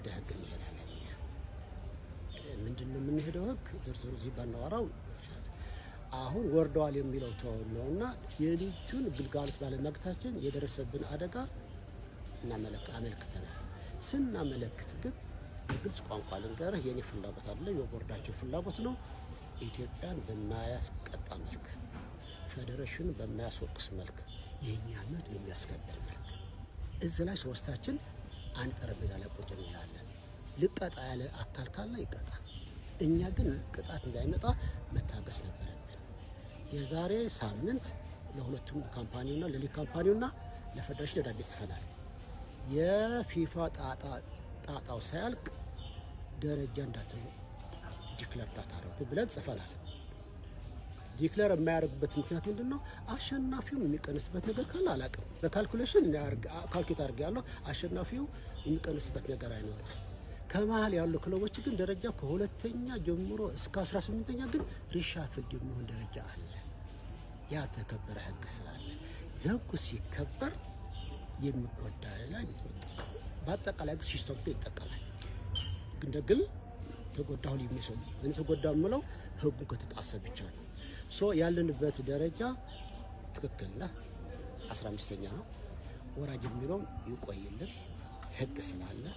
ወደ ህግ እንሄዳለን። ምንድን ነው የምንሄደው? ህግ ዝርዝሩ እዚህ ባናወራው አሁን ወርደዋል የሚለው ተወው ነውና የልጁን ግልጋሎት ባለማግኘታችን የደረሰብን አደጋ አመልክተናል። ስናመለክት ግን በግልጽ ቋንቋ ልንገርህ፣ የኔ ፍላጎት አለ የቦርዳችን ፍላጎት ነው። ኢትዮጵያን በማያስቀጣ መልክ፣ ፌዴሬሽኑ በማያስወቅስ መልክ፣ የእኛነት በሚያስከበር መልክ እዚህ ላይ ሶስታችን አንድ ጠረጴዛ ላይ ቁጭ እንላለን። ልቀጣ ያለ አካል ካለ ይቀጣል። እኛ ግን ቅጣት እንዳይመጣ መታገስ ነበረብን። የዛሬ ሳምንት ለሁለቱም ካምፓኒውና ለሊግ ካምፓኒውና ለፌዴሬሽን ደብዳቤ ጽፈናል። የፊፋ ጣጣ ጣጣው ሳያልቅ ደረጃ እንዳት ዲክለር እንዳታደርጉ ብለን ጽፈናል። ዲክለር የማያደርጉበት ምክንያት ምንድን ነው? አሸናፊውም የሚቀንስበት ነገር ካለ አላውቅም። በካልኩሌሽን ካልኩሌት አድርጌ ያለው አሸናፊው የሚቀንስበት ነገር አይኖርም። ከመሀል ያሉ ክለቦች ግን ደረጃ ከሁለተኛ ጀምሮ እስከ 18ኛ ግን ሪሻፍልድ የሚሆን ደረጃ አለ። ያ ተከበረ ህግ ስላለ ህጉ ሲከበር የሚጎዳ ላይ በአጠቃላይ ግን ሲስተም ይጠቀማል። ግን ደግል ተጎዳሁን የሚሰው እኔ ተጎዳ የምለው ህጉ ከተጣሰ ብቻ ነው። ሶ ያለንበት ደረጃ ትክክል ነ 15 15ኛ ነው ወራጅ የሚለው ይቆይልን ህግ ስላለ